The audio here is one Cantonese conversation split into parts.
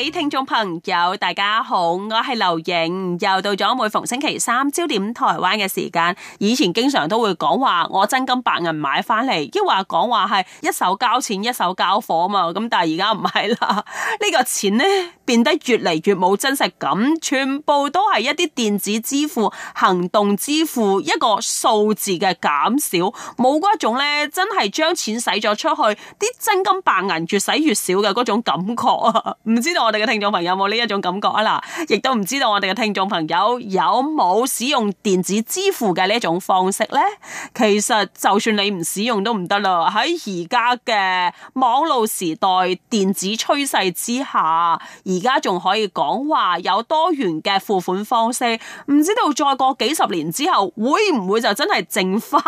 各位聽眾朋友，大家好，我係劉影，又到咗每逢星期三焦點台灣嘅時間。以前經常都會講話我真金白銀買返嚟，亦話講話係一手交錢一手交貨嘛。咁但係而家唔係啦，呢個錢咧變得越嚟越冇真實感，全部都係一啲電子支付、行動支付一個數字嘅減少，冇嗰種咧真係將錢使咗出去，啲真金白銀越使越少嘅嗰種感覺啊！唔知道。我哋嘅聽眾朋友有冇呢一種感覺啊？嗱，亦都唔知道我哋嘅聽眾朋友有冇使用電子支付嘅呢一種方式咧？其實就算你唔使用都唔得啦。喺而家嘅網路時代、電子趨勢之下，而家仲可以講話有多元嘅付款方式。唔知道再過幾十年之後，會唔會就真係剩返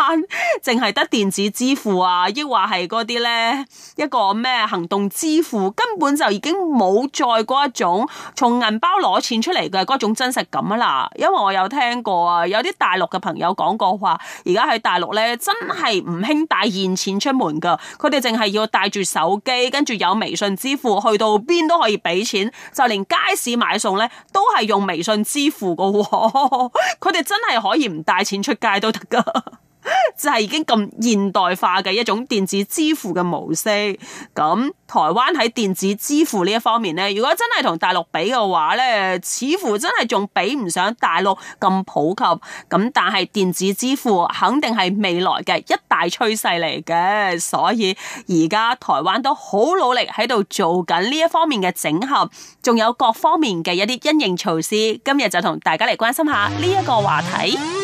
淨係得電子支付啊？抑或係嗰啲咧一個咩行動支付，根本就已經冇再。外嗰一種從銀包攞錢出嚟嘅嗰種真實感啊啦，因為我有聽過啊，有啲大陸嘅朋友講過話，而家喺大陸咧真係唔興帶現錢出門噶，佢哋淨係要帶住手機，跟住有微信支付，去到邊都可以俾錢，就連街市買餸咧都係用微信支付噶喎，佢哋真係可以唔帶錢出街都得噶。就係已經咁現代化嘅一種電子支付嘅模式，咁台灣喺電子支付呢一方面呢，如果真係同大陸比嘅話呢，似乎真係仲比唔上大陸咁普及。咁但係電子支付肯定係未來嘅一大趨勢嚟嘅，所以而家台灣都好努力喺度做緊呢一方面嘅整合，仲有各方面嘅一啲因應措施。今日就同大家嚟關心下呢一個話題。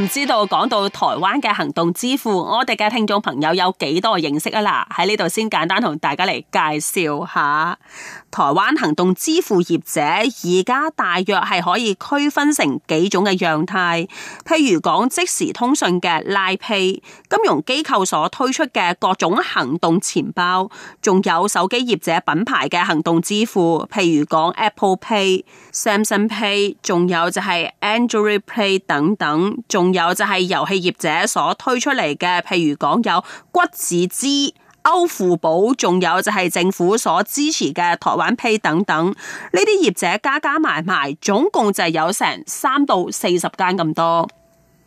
唔知道講到台灣嘅行動支付，我哋嘅聽眾朋友有幾多認識啊？嗱，喺呢度先簡單同大家嚟介紹一下台灣行動支付業者，而家大約係可以區分成幾種嘅樣態，譬如講即時通訊嘅 Line Pay，金融機構所推出嘅各種行動錢包，仲有手機業者品牌嘅行動支付，譬如講 Apple Pay、Samsung Pay，仲有就係 Android Pay 等等，仲仲有就係遊戲業者所推出嚟嘅，譬如講有骨子之歐付寶，仲有就係政府所支持嘅台灣 Pay 等等，呢啲業者加加埋埋，總共就有成三到四十間咁多。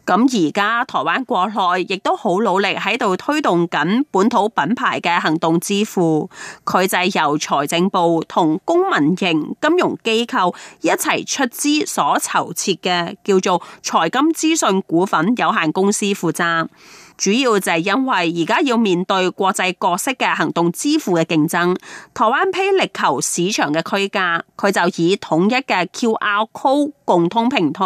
咁而家台灣國內亦都好努力喺度推動緊本土品牌嘅行動支付，佢就係由財政部同公民營金融機構一齊出資所籌設嘅，叫做財金資訊股份有限公司負責。主要就係因為而家要面對國際各式嘅行動支付嘅競爭，台灣 Pay 力求市場嘅區價，佢就以統一嘅 QR Code 共通平台，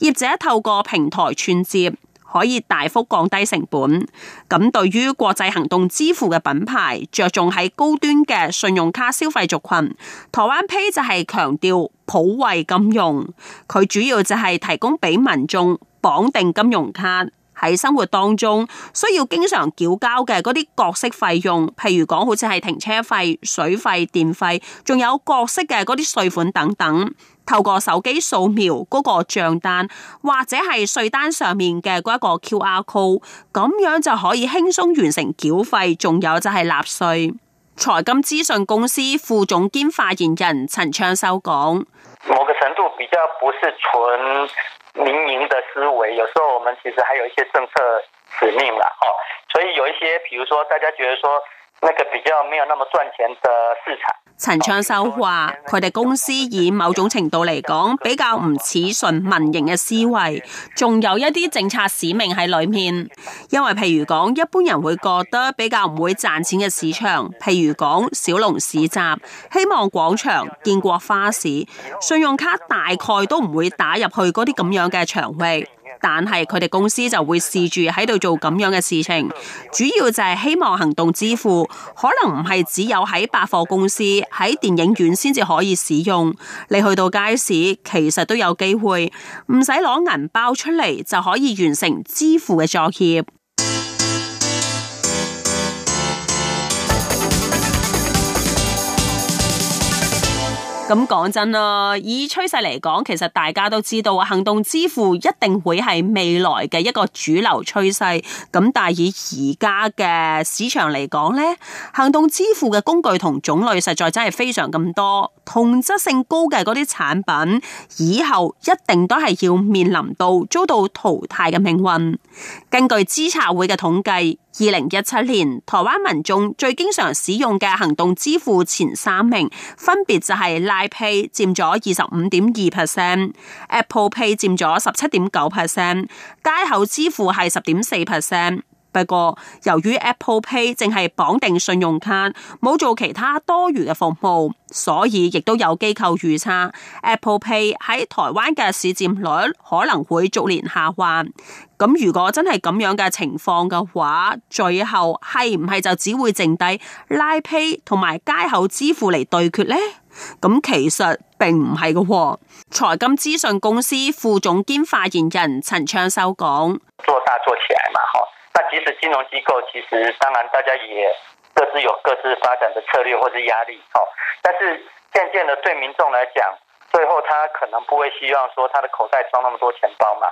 業者透過平台串接，可以大幅降低成本。咁對於國際行動支付嘅品牌，着重喺高端嘅信用卡消費族群，台灣 Pay 就係強調普惠金融，佢主要就係提供俾民眾綁定金融卡。喺生活當中需要經常繳交嘅嗰啲各式費用，譬如講好似係停車費、水費、電費，仲有各式嘅嗰啲稅款等等。透過手機掃描嗰個賬單或者係稅單上面嘅嗰一個 QR code，咁樣就可以輕鬆完成繳費。仲有就係納稅。財金資訊公司副總兼發言人陳暢修講：某個程度比較不是純民營的思維，有時候我們其實還有一些政策使命嘛，哈，所以有一些，比如說大家覺得說。那個比較沒有那麼賺錢的市場，陳昌修話：佢哋公司以某種程度嚟講比較唔似順民營嘅思維，仲有一啲政策使命喺裏面。因為譬如講，一般人會覺得比較唔會賺錢嘅市場，譬如講小龍市集、希望廣場、建國花市、信用卡，大概都唔會打入去嗰啲咁樣嘅場域。但係佢哋公司就會試住喺度做咁樣嘅事情，主要就係希望行動支付可能唔係只有喺百貨公司、喺電影院先至可以使用，你去到街市其實都有機會，唔使攞銀包出嚟就可以完成支付嘅作業。咁講真啦，以趨勢嚟講，其實大家都知道啊，行動支付一定會係未來嘅一個主流趨勢。咁但係以而家嘅市場嚟講咧，行動支付嘅工具同種類實在真係非常咁多。同質性高嘅嗰啲產品以後一定都係要面臨到遭到淘汰嘅命運。根據資策會嘅統計，二零一七年台灣民眾最經常使用嘅行動支付前三名分別就係 Line Pay 佔咗二十五點二 percent，Apple Pay 佔咗十七點九 percent，街口支付係十點四 percent。不過，由於 Apple Pay 淨係綁定信用卡，冇做其他多餘嘅服務，所以亦都有機構預測 Apple Pay 喺台灣嘅市佔率可能會逐年下滑。咁如果真係咁樣嘅情況嘅話，最後係唔係就只會剩低拉 Pay 同埋街口支付嚟對決呢？咁其實並唔係嘅。財金資訊公司副總兼發言人陳昌修講：做大做起來還蠻好。」那即使金融機構，其實當然大家也各自有各自發展的策略或者壓力哦，但是漸漸的對民眾來講。最後，他可能不會希望說他的口袋裝那麼多錢包嘛？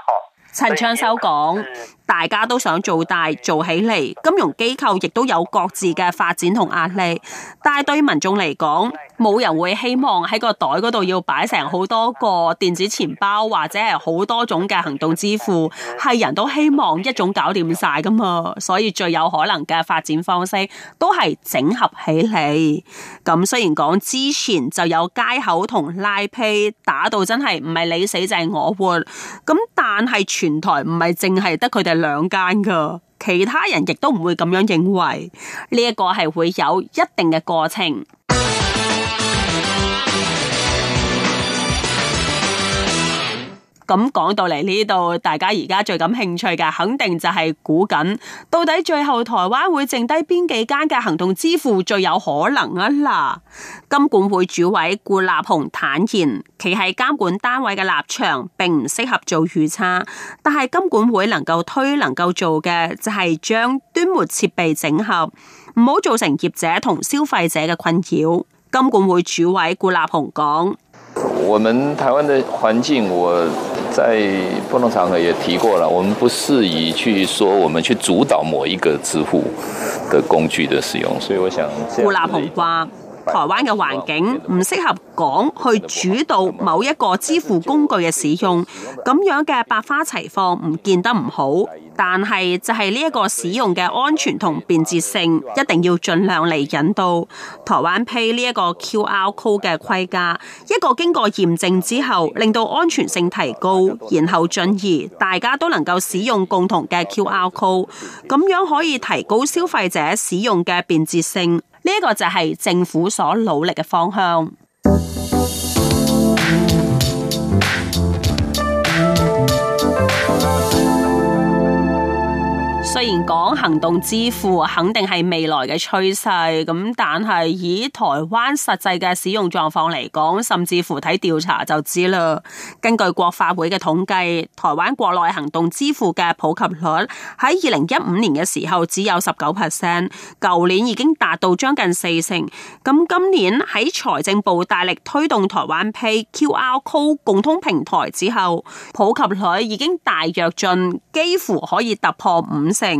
陳昌修講，大家都想做大，做起嚟，金融機構亦都有各自嘅發展同壓力，但係對民眾嚟講，冇人會希望喺個袋嗰度要擺成好多個電子錢包或者係好多種嘅行動支付，係人都希望一種搞掂晒噶嘛，所以最有可能嘅發展方式都係整合起嚟。咁雖然講之前就有街口同拉皮打到真係唔係你死就係我活，咁但係全台唔係淨係得佢哋兩間㗎，其他人亦都唔會咁樣認為，呢一個係會有一定嘅過程。咁講到嚟呢度，大家而家最感興趣嘅，肯定就係估緊到底最後台灣會剩低邊幾間嘅行動支付最有可能啊啦！金管會主委顧立雄坦言，其係監管單位嘅立場，並唔適合做預測。但係金管會能夠推、能夠做嘅，就係將端末設備整合，唔好造成業者同消費者嘅困擾。金管會主委顧立雄講：我們台灣的環境，我。在不同場合也提過了，我們不適宜去說我們去主導某一個支付的工具的使用，所以我想。台灣嘅環境唔適合講去主導某一個支付工具嘅使用，咁樣嘅百花齊放唔見得唔好，但係就係呢一個使用嘅安全同便捷性，一定要盡量嚟引導台灣 Pay 呢一個 QR Code 嘅規格，一個經過驗證之後，令到安全性提高，然後進而大家都能夠使用共同嘅 QR Code，咁樣可以提高消費者使用嘅便捷性。呢、這個就係政府所努力嘅方向。雖然講行動支付肯定係未來嘅趨勢，咁但係以台灣實際嘅使用狀況嚟講，甚至乎睇調查就知啦。根據國發會嘅統計，台灣國內行動支付嘅普及率喺二零一五年嘅時候只有十九 percent，舊年已經達到將近四成。咁今年喺財政部大力推動台灣 Pay QR Code 共通平台之後，普及率已經大躍進，幾乎可以突破五成。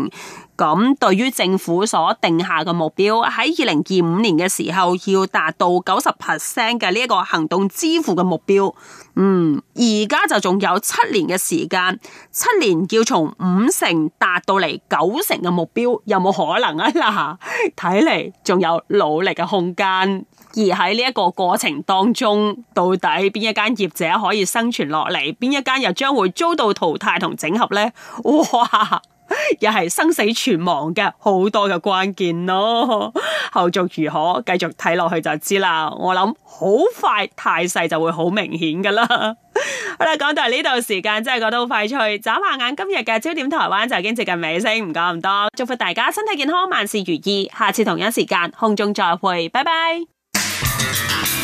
咁對於政府所定下嘅目標，喺二零二五年嘅時候要達到九十 percent 嘅呢一個行動支付嘅目標，嗯，而家就仲有七年嘅時間，七年要從五成達到嚟九成嘅目標，有冇可能啊？嗱，睇嚟仲有努力嘅空間。而喺呢一個過程當中，到底邊一間業者可以生存落嚟，邊一間又將會遭到淘汰同整合呢？哇！又係生死存亡嘅好多嘅關鍵咯，後續如何繼續睇落去就知啦。我諗好快態勢就會好明顯噶啦。好 啦，講到呢度時間真係覺得好快脆，眨下眼今日嘅焦點台灣就已經接近尾聲。唔講咁多，祝福大家身體健康，萬事如意。下次同一時間空中再會，拜拜。